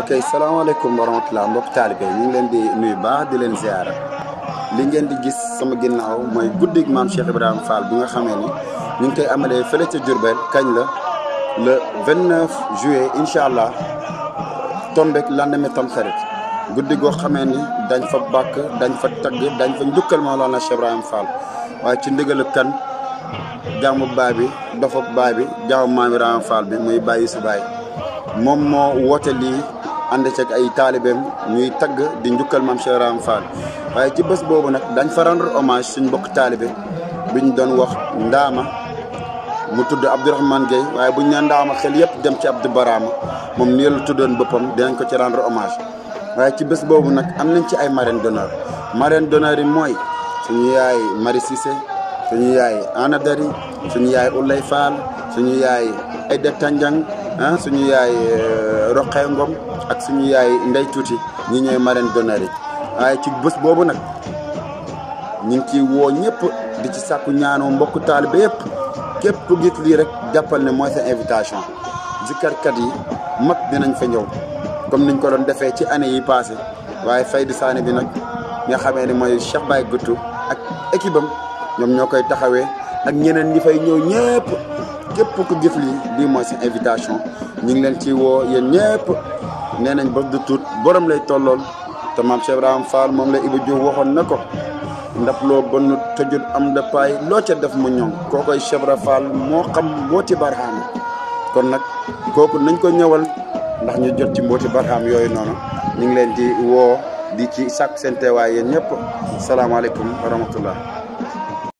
ok salaamaaleykum wa rahmatulah mbokk taalibe ñu ngi leen di nuyu baax di leen ziara li ngeen di gis sama ginnaaw mooy guddig maam Cheikh ibrahim Fall bi nga xamee ni ñu ngi koy amalee fële ca Diourbel kañ la le 29 juillet incha allah tombek lendemain Tamxarit guddi goo xamee ni dañ fa bàkk dañ fa tagg dañ fa njukkal Mawlana Cheikh Ibrahima Fall waaye ci ndigalu kan. jaamu baay bi dofab baay bi jaamu maami Rama Fall muy bàyyi su baay moom moo woote lii ànd ceeg ay taalibeem ñuy tagg di njukkal maam Cheikh Rama Fall waaye ci bés boobu nag dañ fa rendre hommage suñ mbokk bu ñu doon wax ndaama mu tudd Abdourahmane Gueye waaye bu buñ ne ndaama xel yëpp dem ci Abdou Barama moom nii la tuddoon boppam dinañ ko ci rendre hommage waaye ci bés boobu nag am nañ ci ay marraines d'honneur marraines d'honneur mooy suñu yaay suñu yaay Anna Dari suñu yaay Ulay Fall suñu yaay Aïda Tandiang ah suñu yaay euh, Roqe Ngom ak suñu yaay Ndey Tuuti ñu ñooy marraine d'honneur yi waaye ci bés boobu nag ñu ngi ciy woo ñëpp di ci sàkku ñaanoo mbokku taalibe yëpp képp ku gis lii rek jàppal ne mooy sa invitation zikkarkat yi mag dinañ fa ñëw comme niñ ko doon defee ci année yi passé waaye Fayda Sané bi nag nga xamee ne mooy Cheikh Baye Guttu ak équipe ñoom ñoo koy taxawee ak ñeneen ñi fay ñëw ñëpp képp ku gis lii mooy si invitation ñu ngi leen ci woo yéen ñëpp nee nañ bés du tuut borom lay tollool te maam Cheikh Ibrahima moom la Ibou Diouf waxoon na ko ndap loo bonn tëjut am ndappaay loo ca def mu ñoŋ koo koy Cheikh Ibrahima moo xam mbooti barxaam kon nag kooku nañ ko ñëwal ndax ñu jot ci mbooti barxaam yooyu noonu ñu ngi leen di woo di ci sàkk seen teewaay yéen ñëpp salaamaaleykum wa rahmatullah